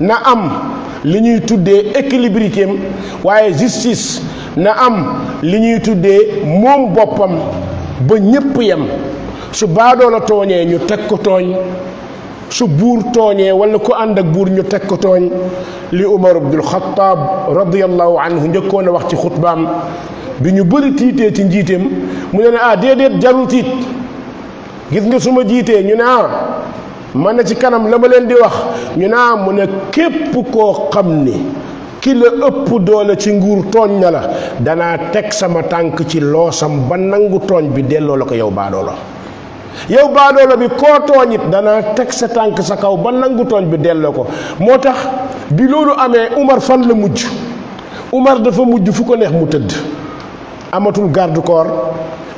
na am li ñuy tuddee équilibrité waaye justice na am li ñuy tuddee moom boppam ba ñépp yem su baadoo tooñee ñu teg ko tooñ su buur tooñee wala ku ànd ak buur ñu teg ko tooñ li Umar ibnul Xattaab radiyallahu anhu njëkkoon wax ci xutbaam bi ñu bëri tiitee ci njiiteem mu ne ne ah déedéet jarul tiit gis nga suma jiitee ñu ne ah man ci kanam la ma leen di wax ñu ne ah mu ne képp koo xam ni ki la ëpp doole ci nguur tooñ na la danaa teg sama tànk ci loosam ba nangu tooñ bi delloo la ko yow baadoo la yow baadoo la bi koo tooñit sa sa kaw ba nangu bi ko bi umar fan la mujj umar dafa mujj fu ko neex mu tëdd amatul garde corps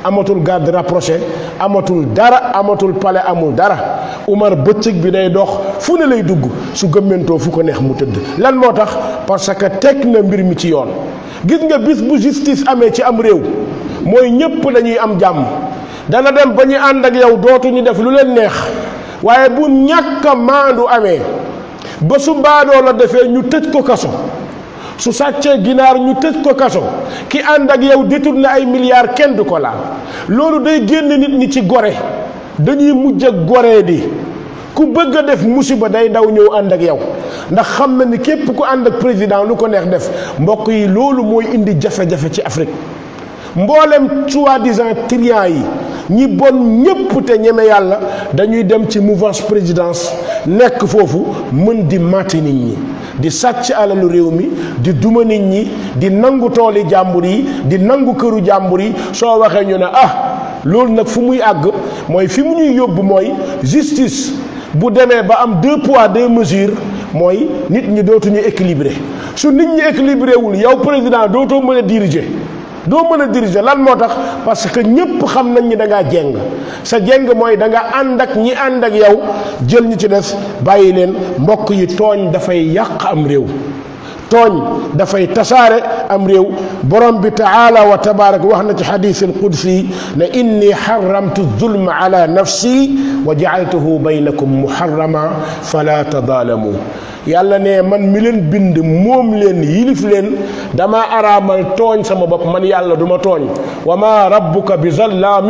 amatul garde rapproché amatul dara amatul pale amul dara Umar bëccëg bi day dox fu ne lay dugg su gëmmentoo fu ko neex mu tëdd lan moo tax parce que teg na mbir mi ci yoon gis nga bis bu justice amee ci am réew mooy ñépp dañuy am jàmm dana dem ba ñu ànd ak yow ñu def lu leen neex waaye bu ñàkk maandu amee ba su mbaadoo la defee ñu tëj ko kaso su sàccee ginaar ñu tëj ko kaso ki ànd ak yow na ay milliards kenn du ko laal loolu day génn nit ñi ci gore dañuy mujj ak goree di ku bëgg a def musiba day ndaw ñëw ànd ak yow ndax xam na ni képp ku ànd ak président lu ko neex def mbokk yi loolu mooy indi jafe-jafe ci Afrique mboolem soi-disant triant yi ñi bon ñépp te ñeme yàlla dañuy dem ci mouvance présidence nekk foofu mën di màtti nit ñi di satch alalu the mi di duma nit ñi di nangu toli jamburi di nangu keuru jamburi so ah lool nak fu muy justice bu am deux poids deux mesures moy nit ñi ñu équilibré su nit ñi équilibré wul yow président diriger. doo mën a diriger lan moo tax parce que ñépp xam nañ ni da ngaa jeng sa jeng mooy da nga ànd ak ñi ànd ak yow jël ñu ci des bàyyi leen mbokk yi tooñ dafay yàq am réew توني دفاي تسارع امريو برم تعالى وتبارك وحنا حديث القدسي لاني حرمت الظلم على نفسي وجعلته بينكم محرما فلا تظالموا يالا ني مان ميلن بند موم لين يلف لين دما ارامل توني سما بوب مان يالا دوما توني وما ربك بظلام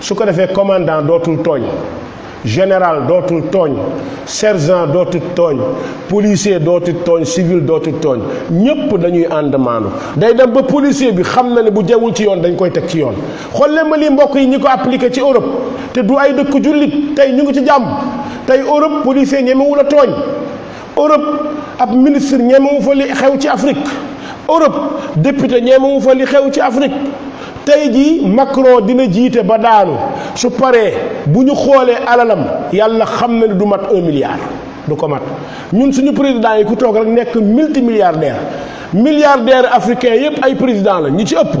su ko defee commandant dootul tooñ général dootul tooñ sergent dootul tooñ policier dootul tooñ civil dootul tooñ ñëpp dañuy ànd maandu day dem ba policier bi xam na ne bu jawul ci yoon dañ koy teg ci yoon xolle ma lii mbokk yi ñi ko appliqué ci Europe te du ay dëkk jullit tey ñu ngi ci jàmm tey Europe policier ñemewu la tooñ Europe ab ministre ñemewu fa li xew ci Afrique Europe député ñemewu fa li xew ci Afrique tey jii Macron dina jiite ba daanu su paree bu ñu xoolee alalam yàlla xam na ne du mat un milliard. du ko mat ñun suñu président yi ku toog rek nekk multimilliardaire milliardaire africain yépp ay président la ñu ci ëpp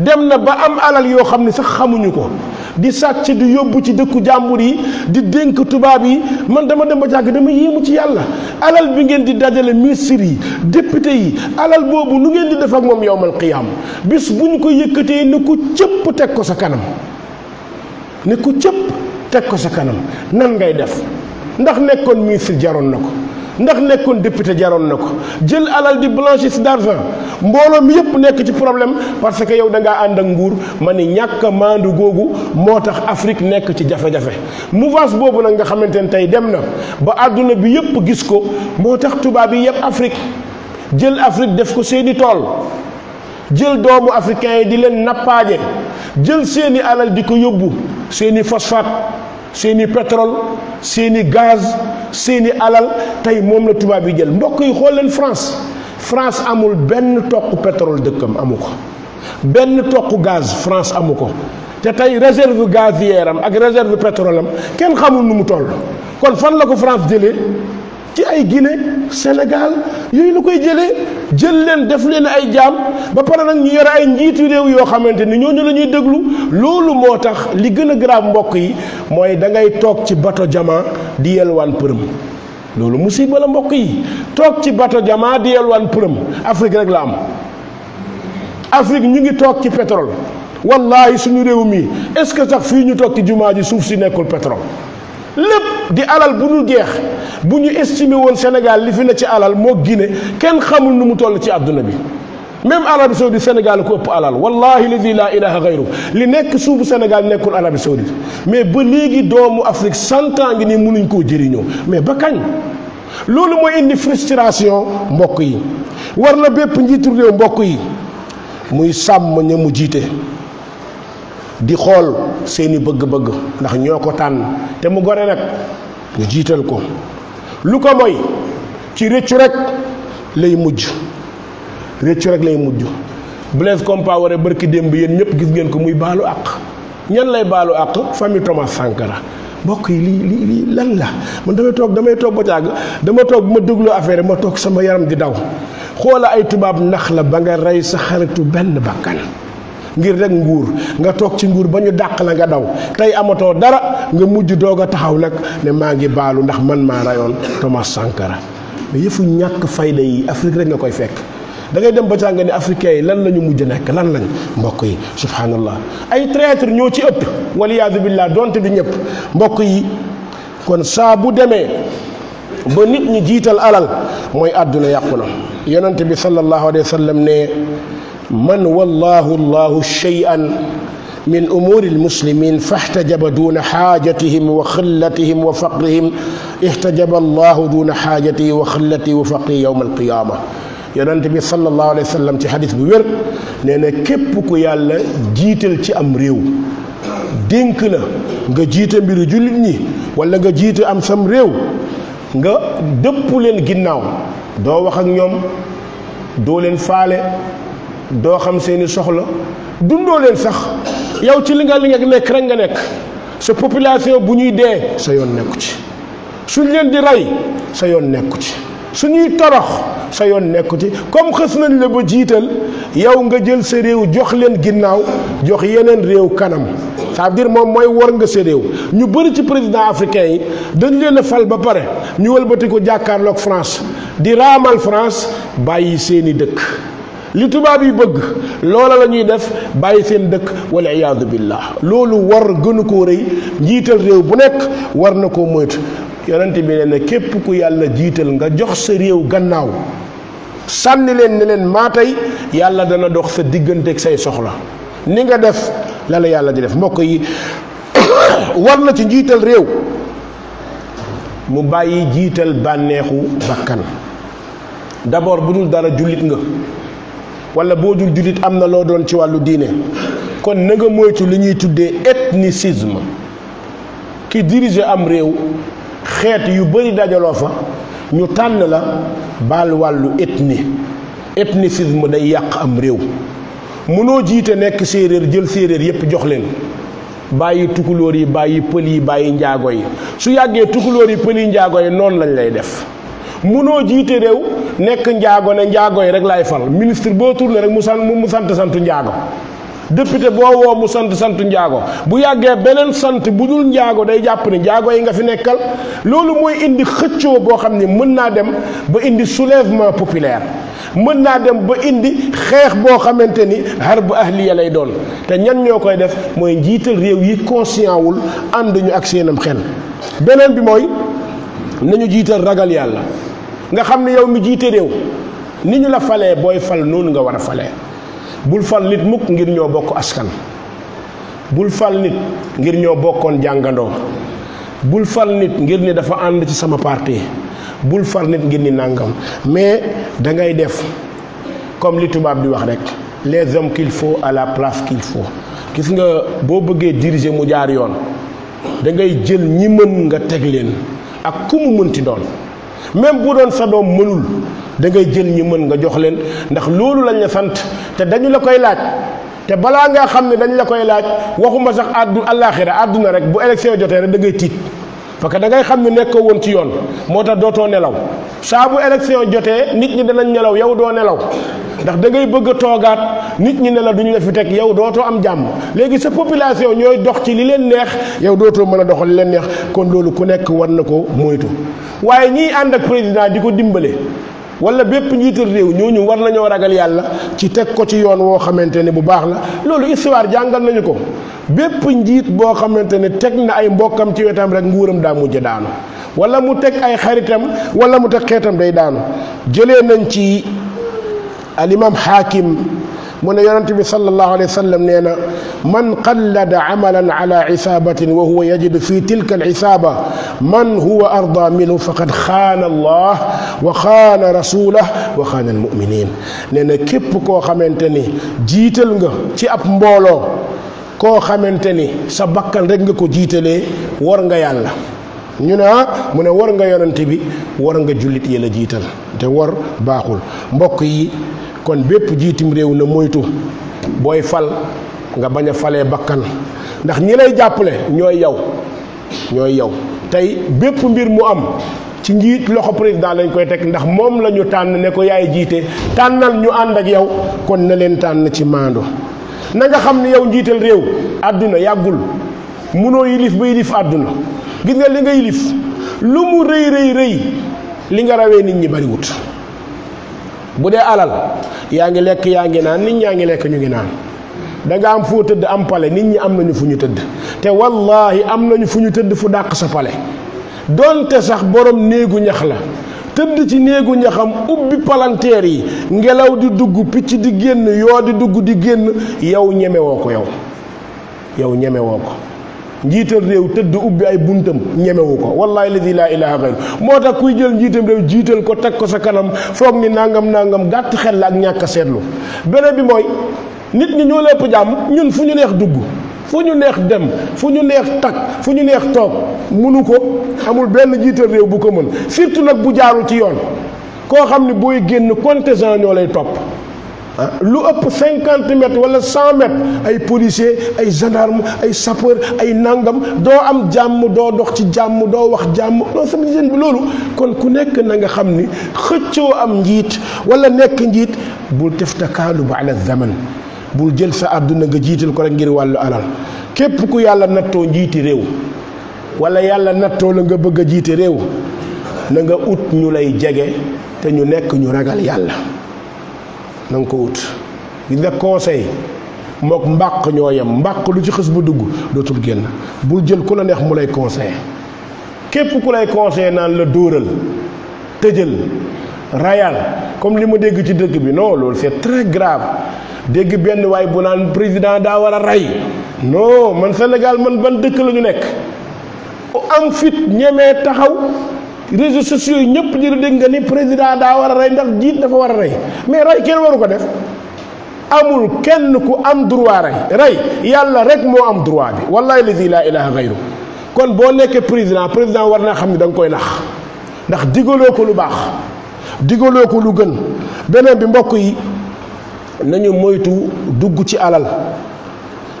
dem na ba am alal yoo xam ne sax xamuñu ko di sàcc di yóbbu ci dëkku jàmbur yi di dénk tubaab yi man dama dem ba jàgg dama yéemu ci yàlla alal bi ngeen di dajale ministre yi député yi alal boobu lu ngeen di def ak moom yowmal qiyaam bis bu ñu ko yëkkatee ne ko cëpp teg ko sa kanam ne ko cëpp teg ko sa kanam nan ngay def ndax nekkon ministre jaron nok, nak ndax nekkon député nok. nako jël alal di blanchisse d'argent mbolo mi yep nek ci problème parce que yow da nga and ak nguur mané ni mandu maandu motax afrique nek ci jafe-jafe mouvance bobu nak nga xamantene ne dem na ba aduna bi yep gis ko motax tax bi yep afrique jël afrique def ko seeni tol jël doomu africain di len napaje jël seeni alal di ko yobbu seeni phosphate seeni pétrole seeni gaz seeni alal tey moom la tubaab yi jël mbokk yi xool leen France France amul benn toq pétrole dëkkam amu ko benn toq gaz France amu ko te tey réserve gazière am ak réserve pétrole am kenn xamul nu mu toll kon fan la ko France jëlee. ci ay guinée sénégal yoy lu koy jëlé jël leen def leen ay jaam ba paré nak ñu yor ay njiitu yu rew yo xamanteni ñoo la ñuy déglu loolu li gëna grave mbokk yi moy da ngay tok ci bato jama di wan përëm loolu musibe la mbokk yi tok ci bato jama di wan përëm afrique rek la am afrique ñu ngi tok ci pétrole wallahi suñu rew mi est ce que sax fi ñu tok ci jumaaji suuf ci nekkul pétrole lépp di alal bu dul jeex bu ñu estimé woon Sénégal li fi ne ci alal moo Guinée kenn xamul nu mu toll ci àdduna bi même Arabie Saoudite Sénégal ko ëpp alal wallahi ladi laa ilaha gayru li nekk suufu Sénégal nekkul Arabie Saoudite mais ba léegi doomu Afrique cent ngi nii mënuñ koo jëriñoo mais ba kañ loolu mooy indi frustration mbokk yi war na bépp njiitu réew mbokk yi muy sàmm ña mu jiite di xol seeni bëgg-bëgg ndax ñoko tan té mu goré nak ñu jital ko lu ko moy ci réccu rek lay mujj réccu rek lay mujj blaise compaoré barki demb yeen ñëpp gis ngeen ko muy balu ak ñan lay balu ak fami thomas sankara bokk yi li li lii lan la man dama tok dama tok ba tag dama tok ma deglu affaire ma tok sama yaram di daw xola ay tubab nakhla ba nga ray sa xaritu ben bakkan ngir rek nguur nga toog ci nguur ba ñu dàq la nga daw tey amatoo dara nga mujj doog a taxaw nag ne maa ngi baalu ndax man maa rayoon Thomas Sankara yëfu ñàkk fayda yi Afrique rek nga koy fekk dangay dem ba càng ne africains yi lan la ñu mujj nekk lan lañ mbokk yi subhanallah ay traître ñoo ci ëpp waliyaadu billah donte bi ñëpp mbokk yi kon saa bu demee ba nit ñi jiital alal mooy àdduna yàqu na yonent bi sallallahu alayhi wa sallam ne من والله الله شيئا من أمور المسلمين فاحتجب دون حاجتهم وخلتهم وفقرهم احتجب الله دون حاجته وخلته وفقره يوم القيامة يرنتبي صلى الله عليه وسلم في حديث بوير نينا كيب كيال جيتل تي أمريو دينكلا نغا جيتا بيرجولني ولا نغا جيتا أم سمريو nga depp len ginnaw do wax ak ñom do len doo xam seeni soxla dundoo leen sax yow ci li nga nekk rek nga nekk sa population bu ñuy dee sa yoon nekku ci suñ leen di rey sa yoon nekku ci suñuy torox sa yoon nekku ci comme xës nañ la ba jiital yow nga jël sa réew jox leen ginnaaw jox yeneen réew kanam saa veut moom mooy war nga sa réew ñu bëri ci président africain yi dañu leen a fal ba pare ñu wëlbati ko jàkkaarloog France di raamal France bàyyi seeni dëkk li tubaab yi bëgg loola la ñuy def bàyyi seen dëkk wala iyaadu billah loolu war gënu koo rëy njiital réew bu nekk war na ko moytu yonent bi nee na képp ku yàlla jiital nga jox sa réew gannaaw sànni leen ne leen maa tey yàlla dana dox sa diggante ak say soxla ni nga def la la yàlla di def mbokk yi war na ci njiital réew mu bàyyi jiital bànneexu bakkan d'abord bu dul dara jullit nga wala boo dul jullit am na loo doon ci wàllu diine kon nanga moytu li ñuy tuddee ethnicisme ki diriger am réew xeet yu bari dajaloo fa ñu tànn la baal wàllu ethnie ethnicisme day yàq am réew mënoo jiite nekk séeréer jël séeréer yépp jox leen bàyyi tukulóor yi bàyyi pël yi bàyyi njaago yi su yàggee tukulóor yi pël yi njaago yi noonu lañ lay def munoo jiite réew nekk njaago ne njaago yi rek laay fal ministre boo tourné rek mu sant mu sant sant njaago député boo woo mu sant sant njaago bu yàggee beneen sant bu dul njaago day jàpp ne njaago yi nga fi nekkal loolu mooy indi xëccoo boo xam ne mën naa dem ba indi soulèvement populaire mën naa dem ba indi xeex boo xamante ni harbu ahliya lay doon te ñan ñoo koy def mooy njiital réew yi conscient wul ànd ñu ak seenam xel beneen bi mooy nañu jiital ragal nga xam ne yow mi jiite réew ni ñu la falee booy fal noonu nga war a falee bul fal nit mukk ngir ñoo bokk askan bul fal nit ngir ñoo bokkoon jàngandoo bul fal nit ngir ni dafa ànd ci sama parti bul fal nit ngir ni nàngam mais da ngay def comme li tubaab di wax rek les hommes qu'il faut à la place qu'il gis nga boo bëggee diriger mu jaar yoon da ngay jël ñi mën nga teg leen ak ku mu mënti doon même bu doon sa doom mënul da ngay jël ñi mën nga jox leen ndax loolu lañ la sant te dañu la koy laaj te balaa ngaa xam ne dañu la koy laaj waxuma sax àddu àllaaxira àdduna rek bu élection jotee rek da ngay tiit parce que da ngay xam ne nekkoo woon ci yoon moo tax dootoo nelaw saa bu élection jotee nit ñi danañ nelaw yow doo nelaw ndax da ngay bëgg a toogaat nit ñi nelaw duñu la fi teg yow dootoo am jàmm léegi sa population ñooy dox ci li leen neex yow dootoo mën a doxal li leen neex kon loolu ku nekk war na ko moytu waaye ñiy ànd ak président di ko wala bépp njiital réew ñooñu war nañoo ragal yàlla ci teg ko ci yoon woo xamante ne bu baax la loolu histoire jàngal nañu ko bépp njiit boo xamante ne teg na ay mbokkam ci wetam rek nguuram daa mujje daanu wala mu teg ay xaritam wala mu teg xeetam day daanu jële nañ ci alimam hakim من يرنتي صلى الله عليه وسلم نينا من قلد عملا على عصابة وهو يجد في تلك العصابة من هو أرضى منه فقد خان الله وخان رسوله وخان المؤمنين نينا كيب كو خمنتني جيتل نغا تي أب مبولو كو خمنتني سبكال رنغ كو جيتلي ورنغا يالله ñu ne ah mu ne war nga yonente bi war nga jullit yi la jiital te war baaxul mbokk yi kon bépp jiitim réew na moytu booy fal nga bañ a falee bakkan ndax ñi lay jàppale ñooy yow ñooy yow tey bépp mbir mu am ci njiit loxo président lañ koy teg ndax moom lañu tànn ne ko yaay jiite tànnal ñu ànd ak yow kon na leen tànn ci maandu nanga xam ne yow njiital réew àdduna yàggul munoo yilif ba yilif àdduna gis nga li nga yilif lu mu rëy rëy rëy li nga rawee nit ñi bariwut bu dee alal yaa ngi lekk yaa ngi naan nit ñaa ngi lekk ñu ngi naan da nga am am pale nit ñi am nañu fu ñu tëdd te wallahi am nañu fu ñu tëdd fu dàq sa pale donte sax borom néegu ñax la tëdd ci néegu ñaxam ubbi palanteer yi ngelaw di dugg picc di génn di dugg di génn yow ñemewoo ko yow yow ñemewoo njiital réew tëdd ubbi ay buntam ñemewu ko wallaahi ladi laa ilaha gayru moo tax kuy jël njiitam réew jiital ko teg ko sa kanam foog ni nangam nangam gàtt xel la ak ñàkk seetlu beneen bi mooy nit ñi ñoo lépp jàmm ñun fu ñu neex dugg fu ñu neex dem fu ñu neex takk fu ñu neex toog mënu ko amul benn njiital réew bu ko mën surtout nag bu jaarul ci yoon koo xam ne booy génn contingent ñoo lay topp lu ëpp cinquante mètres wala cent ay policier ay gendarme ay sapeur ay nangam doo am jàmm doo dox ci jàmm doo wax jàmm non sama jigéen bi loolu kon ku nekk na nga xam ni xëccoo am njiit wala nekk njiit bul def takaalu ba ala zaman bul jël sa àdduna nga jiital ko rek ngir wàllu alal képp ku yàlla nattoo njiiti réew wala yàlla nattoo la nga bëgg a jiite réew na nga ut ñu lay jege te ñu nekk ñu ragal yàlla na il ko wut conseil mok mbak ñoo mbak lu ci xes bu dugg dootul genn vous jël ku la neex mu lay conseil kep ku conseil rayal comme limu modèles dégg ci bi non c'est très grave dégg benn way bu président da wara non man Sénégal man ban dëkk la ñu nekk am fit réseaux sociaux yi ñëpp di dégg nga ni président daa war a rey ndax jiit dafa war a rey mais rey kenn waru ko def amul kenn ku am droit rey rey yàlla rek moo am droit bi wallahi lazi laa ilaha gayru kon boo nekkee président président war naa xam ne danga koy nax ndax digaloo ko lu baax digaloo ko lu gën beneen bi mbokk yi nañu moytu dugg ci alal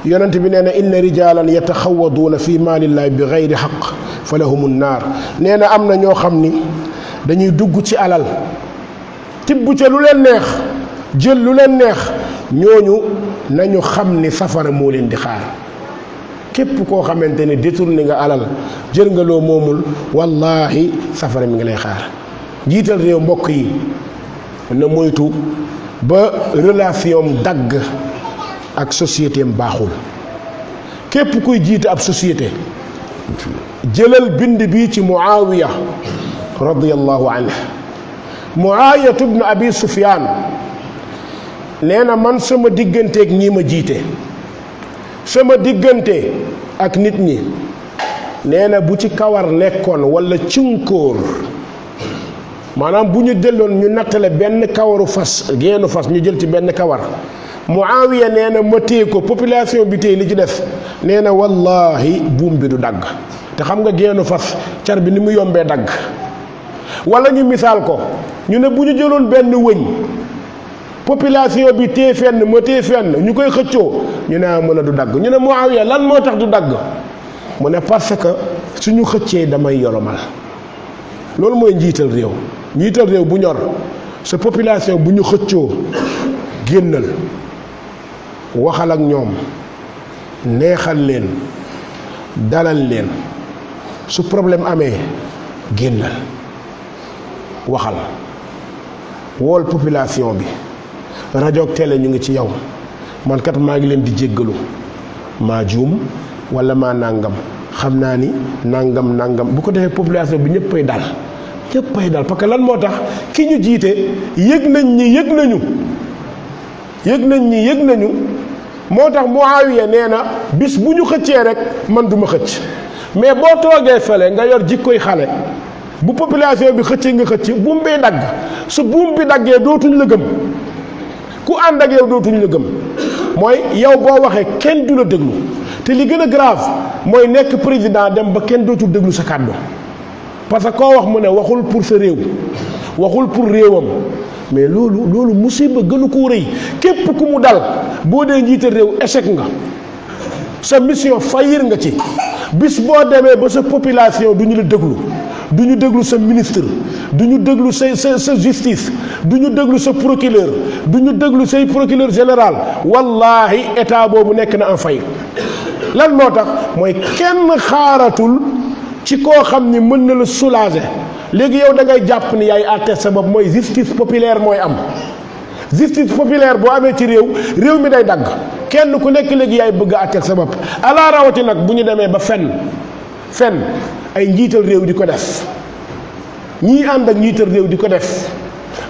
يونت بننا ان رجالا يتخوضون في مال الله بغير حق فلهم النار ننا امنا ньо خامني دا ني دغ سي علال تيبو سي لولن نيه جيل لولن نيه ньо ญ و نانيو خامني سفر مولين دي خار كيب كو خامتيني ديتورني nga علال جير nga لو مومول والله سفر مي لاي خار جيتال ريو مبوكي نا مويتو با ريلاسيون دغ ak société baaxul képp kuy jiite ab société jëlal bind bii ci muawiya radiallahu anhu muawiyatu bnu abi sufyaan nee na man sama digganteeg ñii ma jiite sama diggante ak nit ñi nee na bu ci kawar nekkoon wala cinkóor maanaam bu ñu delloon ñu nattale benn kawaru fas geenu fas ñu jël ci benn kawar mu Muawiya nee na ma téye ko population bi téye li ci des nee na wallaahi buum bi du dagg te xam nga geenu fas car bi ni mu yombee dagg wala ñu misaal ko ñu ne bu ñu jëloon benn wëñ population bi téye fenn ma téye fenn ñu koy xëccoo ñu ne ah, mën a du dagg ñu ne Muawiya lan moo tax du dagg mu ne parce que suñu xëccee damay yolomal loolu mooy njiital réew njiital réew bu ñor sa population bu ñu xëccoo génnal waxal ak ñoom neexal leen dalal leen su problème amee génnal waxal wool population bi rajo ak ñu ngi ci yow mankat maa ngi leen di jéggalu maa juum wala maa nàngam xam naa ni nàngam nàngam bu ko defee population bi ñëppay dal ñëppay dal parce que lan moo tax ki ñu jiite yëg nañ ñi yëg nañu yëg nañ ñi yëg nañu moo tax Muawiya nee na bis bu ñu xëccee rek man duma xëcc mais boo toogee fële nga yor koy xale bu population bi xëccee nga xëcc buum bi dagg su buum bi daggee dootuñ la gëm ku ànd ak yow dootuñ la gëm mooy yow boo waxee kenn du la déglu te li gën a grave mooy nekk président dem ba kenn dootul déglu sa kàddu parce que koo wax mu ne waxul pour sa réew waxul pour réewam mais loolu loolu musiba gënu koo rëy képp ku mu dal boo dee njiite réew échec nga sa mission fayir nga ci bis boo demee ba sa population du ñu la déglu du ñu déglu sa ministre du ñu déglu sa sa sa justice du ñu déglu sa procureur du ñu déglu say procureur général wallaahi état boobu nekk na en faillite lan moo tax mooy kenn xaaratul ci koo xam ni mën na la soulager légui yow da ngay jàpp ni yaay arté sa bopp mooy justice populaire moy am justice populaire bo amé ci réew réew mi day dag kenn ku nek légui yaay bëgg arté àtte sa bopp alaa rawati nak buñu démé ba fenn fenn ay njital réew diko def ñi ànd ak njital réew diko def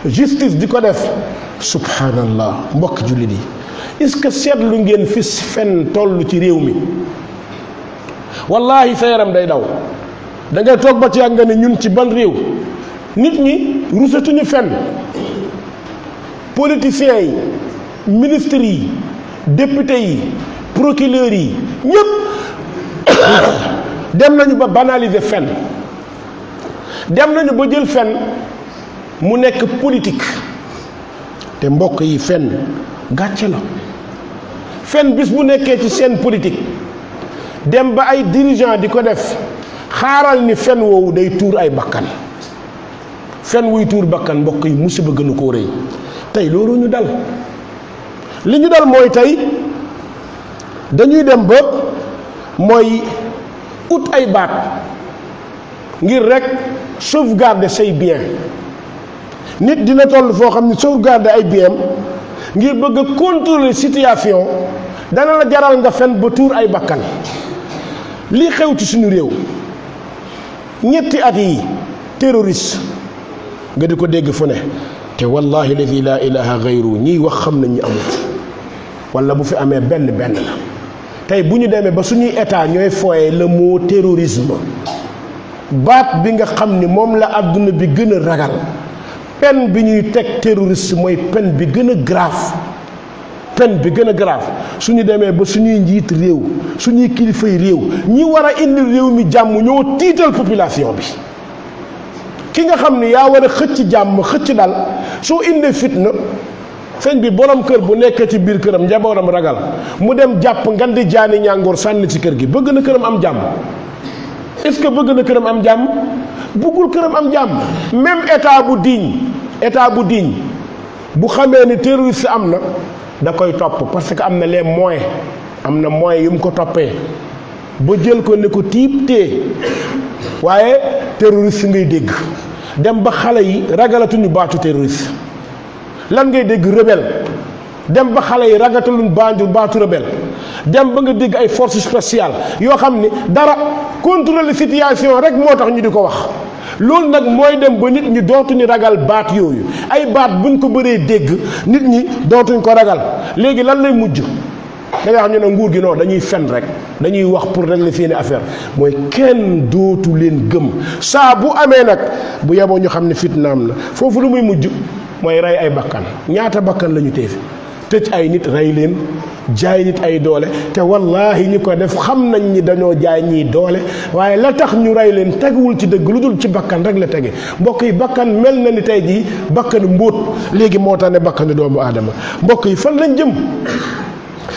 justice diko def subhanallah mbokk jullit yi est-ce que seetlu ngeen fi fenn tollu ci réew mi wallahi sa day daw da ngay toog ba ci yàgg nga ne ñun ci ban réew nit ñi rusatuñu fenn politiciens yi ministres yi députés yi procureurs yi ñëpp dem nañu ba banaliser fenn dem nañu ba jël fenn mu nekk politique te mbokk yi fenn gàcce la fenn bis bu nekkee ci seen politique dem ba ay dirigeant di ko def xaaral ni fen woowu day tuur ay bakkan fen wuy tuur bakkan mbokk yi musiba gënu koo rëy tey loolu ñu dal li ñu dal mooy tey dañuy dem ba mooy ut ay baat ngir rek sauvegarder say bien nit dina toll foo xam ne sauvegarder ay bien ngir bëgg a contrôler situation dana la jaral nga fen ba tuur ay bakkan lii xew ci suñu réew ñetti at yi terroriste nga diko deg fu ne te wallahi ladi laa ilaha ghayru ñi wax xam nañ ñu amut wala bu fi amé benn benn la tay buñu démé ba suñu état ñoy foyé le mot terrorisme baat bi nga xamni mom la aduna bi gëna ragal peine bi ñuy teg terroriste moy peine bi gëna grave pen bi gën a grave suñu demee ba suñuy njiit réew suñuy kilifay réew ñi war a indi réew mi jàmm ñoo tiital population bi ki nga xam ni yaa war a xëcc jàmm xëcc dal soo indee fitna sëñ bi borom kër bu nekkee ci biir këram njabooram ragal mu dem jàpp ngan di jaani ñàngoor sànni ci kër gi bëgg na këram am jàmm est-ce que bëgg na këram am jàmm bëggul këram am jàmm même état bu digne état bu digne bu xamee ni terroriste am na da koy topp parce que am na leen moyens am na moyens yu mu ko toppee ba jël ko ne ko tiib tee waaye terroriste ngay dégg dem ba xale yi ragalatuñu baatu terroriste lan ngay dégg rebelle dem ba xale yi ragataluñu baatu baatu rebelle dem ba nga dégg ay forces spéciales yoo xam ne dara contrôler situation rek moo tax ñu di ko wax loolu nag mooy dem ba nit ñi dootuñu ragal baat yooyu ay baat buñ ko bëree dégg nit ñi dootuñ ko ragal léegi lan lay mujj da nga xam ne ne nguur gi non dañuy fen rek dañuy wax pour régler seeni affaire mooy kenn dootu leen gëm saa bu amee nag bu yeboo ñu xam ne fitna am na foofu lu muy mujj mooy rey ay bakkan ñaata bakkan lañu ñu téye fi tëj ay nit rey leen jaay nit ay doole te wallahi ñi ko def xam nañ ni dañoo jaay ñii doole waaye la tax ñu rey leen teguwul ci dëgg lu dul ci bakkan rek la tege mbokk yi bakkan mel na ni tey jii bakkan mbóot léegi moo tax ne bakkanu doomu aadama mbokk yi fan lañ jëm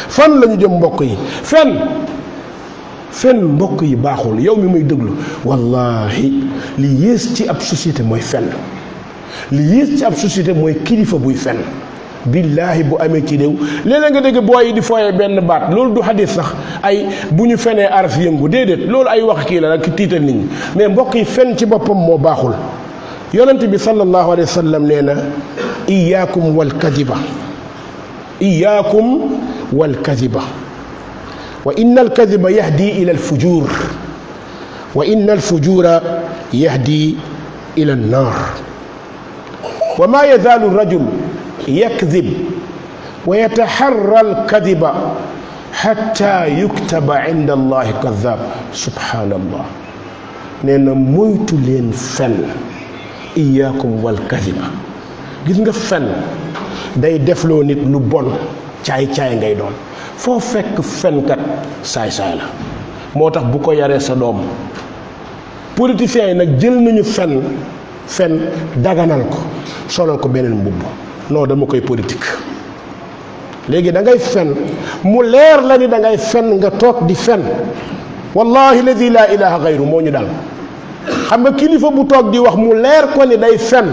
fan lañu jëm mbokk yi fen fen mbokk yi baaxul yow mi may déglu wallahi li yées ci ab société mooy fen li yées ci ab société mooy kilifa buy fen billahi bu amee ci réew léeg-léeg nga dégg booy yi di fooyee benn baat loolu du xadis sax ay bu ñu fenee aras yëngu déedéet loolu ay wax kii la rek tiital nit ñi mais mbokk yi fen ci boppam moo baaxul yonent bi sallallahu alayhi wa sallam nee na iyaakum wal kadiba iyaakum wal kadiba wa inna al kadiba yahdi ila al fujur wa inna al fujura yahdi ila an nar wa ma yazalu rajul يكذب ويتحرى الكذب حتى يكتب عند الله كذاب سبحان الله نين مويت لين فن اياكم والكذب غيس نغا فن داي ديف لو نيت لو بون تاي تاي غاي دون فو فن كات ساي ساي لا موتاخ بوكو ياري سا دوم بوليتيسيان نك جيل نانيو فن فن داغانال كو سولال كو بنين مبو non dama koy politique léegi da ngay fen mu leer la ni da ngay fen nga toog di fen wallahi ladi laa ilaha gayru moo ñu dal xam nga kilifa bu toog di wax mu leer ko ni day fen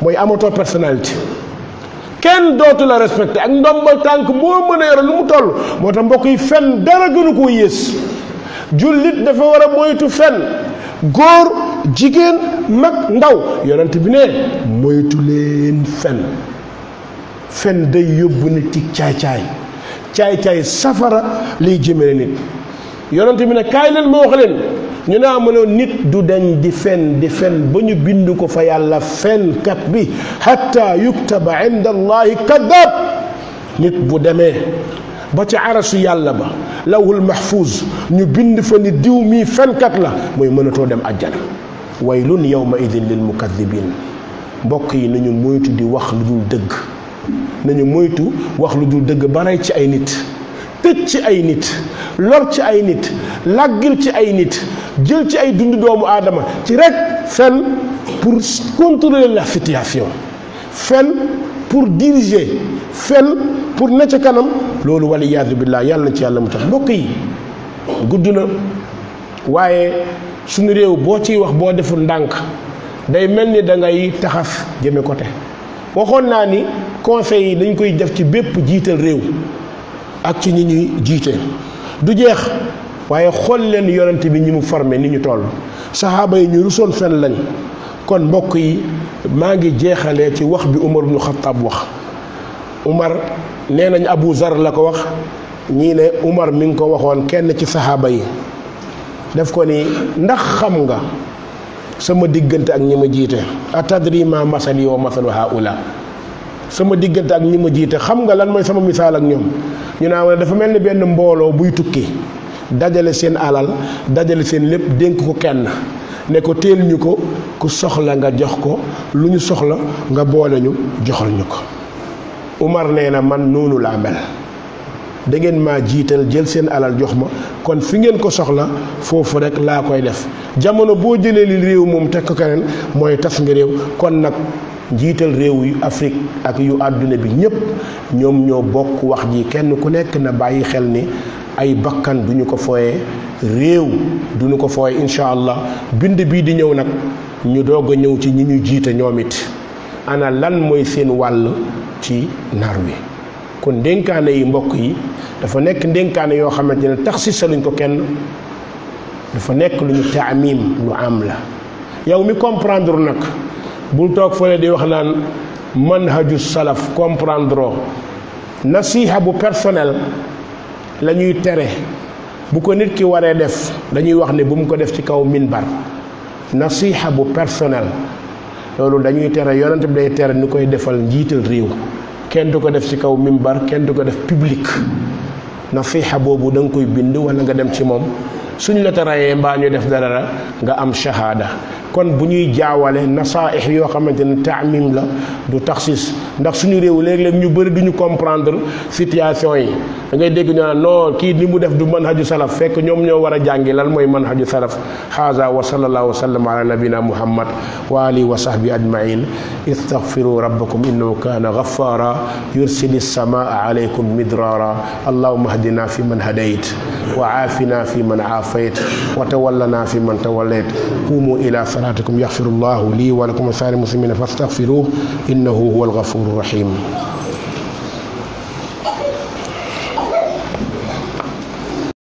mooy amatoo personnalité kenn dootu la respecté ak ndombal tànk boo mën a yore lu mu toll moo tax mbokk yi fen dara gënu koo yées jullit dafa war a moytu fen góor jigéen mag ndaw yonent bi ne moytu fen fen day yóbbu nit ci caay-caay caay-caay safara lay jëmale nit yonent bi ne kaay leen ma wax leen ñu ne amoon nit du dañ di fen di fen ba ñu bind ko fa yàlla fenkat bi hatta yuktaba inda allahi kadab nit bu demee ba ci arasu yàlla ba lawhul mahfuz ñu bind fa ni diw mii fenkat la mooy mënatoo dem àjjana waylun yawma idin lil mukadibin mbokk yi nañu moytu di wax lu dul dëgg nañu moytu wax lu dul dëgg ba rey ci ay nit tëj ci ay nit lor ci ay nit làggil ci ay nit jël ci ay dund doomu aadama ci rek fen pour contrôler la situation fen pour diriger fen pour ne ca kanam loolu wala yaadu billaa yàlla na ci yàlla mu tax mbokk yi gudd na waaye suñu réew boo ciy wax boo deful ndànk day mel ni da ngay taxaf jëme côté waxoon naa ni conseil yi dañ koy def ci bépp jiital réew ak ci ñi ñuy jiite du jeex waaye xool leen yonent bi ñi mu formé ni ñu tool saxaaba yi ñu rusoon fen lañ kon mbokk yi maa ngi jeexale ci wax bi Umar ibnu Xattaab wax Umar nee nañ Abu Zar la ko wax ñii ne Umar mi ngi ko waxoon kenn ci saxaaba yi def ko ni ndax xam nga sama diggante ak ñi ma jiite atadri ma masali wa masalu haula sama diggante ak ñi ma jiite xam nga lan mooy sama misaal ak ñoom ñu naa ma dafa mel ni benn mbooloo buy tukki dajale seen alal dajale seen lépp dénk ko kenn ne ko teel ñu ko ku soxla nga jox ko lu ñu soxla nga boole ñu joxal ñu ko Umar nee na man noonu laa mel dangeen ma jiital jël seen alal jox ma kon fi ngeen ko soxla foofu rek laa koy def jamono boo jëlee li réew moom teg ko keneen mooy tas nga réew kon nag jiital réew yu Afrique ak yu àdduna bi ñépp ñoom ñoo bokk wax ji kenn ku nekk na bàyyi xel ni ay bakkan du ko fooyee réew du ko fooyee incha allah bind bii di ñëw nag ñu doog a ñëw ci ñu ñu jiite ñoom it ana lan mooy seen wàll ci nar wi kon ndénkaane yi mbokk yi dafa nekk ndénkaane yoo xamante ne tax si saluñ ko kenn dafa nekk lu ñu taamim lu am la yow mi comprendre nag bul toog fële di wax naan manhaju salaf comprendre nasiha bu personnel la ñuy tere bu ko nit ki waree def dañuy wax ne bu mu ko def ci kaw minbar nasiha bu personnel loolu dañuy tere yonent bi day tere ni koy defal njiital réew kenn du ko def ci kaw minbar kenn du ko def public nasiha boobu da nga koy bind wala nga dem ci moom suñ la terayee mbaa ñu def dara nga am shahada kon bu ñuy jaawale nasaaix yoo xamante ne taamim la du taxsis ndax suñu réew léeg-léeg ñu bëri duñu comprendre situation yi da ngay dégg ñu naan non kii ni mu def du manhaju salaf fekk ñoom ñoo war a jàngi lan mooy manhaju salaf haza wa sallallahu sallam ala nabina muhammad wa ali wa sahbi ajmain istaghfiru rabbakum innahu kana ghaffara yursilu ربكم alaykum midrara allahumma يرسل fi man hadayt wa afina fi man afayt wa tawallana fi man tawallayt qumu ila صلاة صلاتكم يغفر الله لي ولكم وسائر المسلمين فاستغفروه إنه هو الغفور الرحيم